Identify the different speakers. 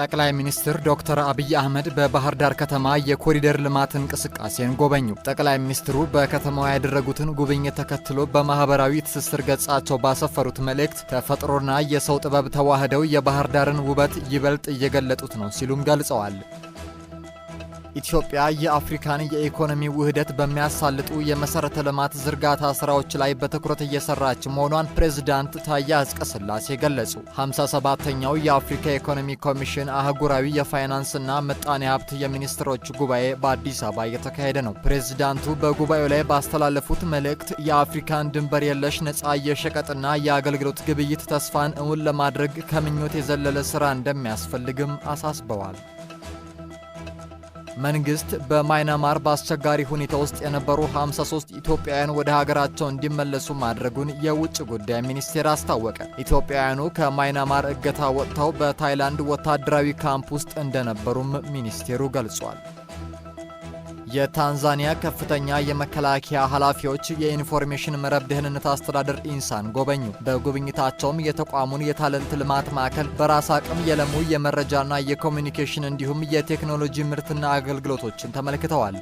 Speaker 1: ጠቅላይ ሚኒስትር ዶክተር አብይ አህመድ በባህር ዳር ከተማ የኮሪደር ልማት እንቅስቃሴን ጎበኙ። ጠቅላይ ሚኒስትሩ በከተማዋ ያደረጉትን ጉብኝት ተከትሎ በማህበራዊ ትስስር ገጻቸው ባሰፈሩት መልእክት ተፈጥሮና የሰው ጥበብ ተዋህደው የባህር ዳርን ውበት ይበልጥ እየገለጡት ነው ሲሉም ገልጸዋል። ኢትዮጵያ የአፍሪካን የኢኮኖሚ ውህደት በሚያሳልጡ የመሠረተ ልማት ዝርጋታ ሥራዎች ላይ በትኩረት እየሰራች መሆኗን ፕሬዝዳንት ታዬ አጽቀሥላሴ ገለጹ። 57ተኛው የአፍሪካ ኢኮኖሚ ኮሚሽን አህጉራዊ የፋይናንስና ምጣኔ ሀብት የሚኒስትሮች ጉባኤ በአዲስ አበባ እየተካሄደ ነው። ፕሬዝዳንቱ በጉባኤው ላይ ባስተላለፉት መልእክት የአፍሪካን ድንበር የለሽ ነፃ የሸቀጥና የአገልግሎት ግብይት ተስፋን እውን ለማድረግ ከምኞት የዘለለ ሥራ እንደሚያስፈልግም አሳስበዋል። መንግስት በማይናማር በአስቸጋሪ ሁኔታ ውስጥ የነበሩ 53 ኢትዮጵያውያን ወደ ሀገራቸው እንዲመለሱ ማድረጉን የውጭ ጉዳይ ሚኒስቴር አስታወቀ። ኢትዮጵያውያኑ ከማይናማር እገታ ወጥተው በታይላንድ ወታደራዊ ካምፕ ውስጥ እንደነበሩም ሚኒስቴሩ ገልጿል። የታንዛኒያ ከፍተኛ የመከላከያ ኃላፊዎች የኢንፎርሜሽን መረብ ደህንነት አስተዳደር ኢንሳን ጎበኙ። በጉብኝታቸውም የተቋሙን የታለንት ልማት ማዕከል በራስ አቅም የለሙ የመረጃና የኮሚኒኬሽን እንዲሁም የቴክኖሎጂ ምርትና አገልግሎቶችን ተመልክተዋል።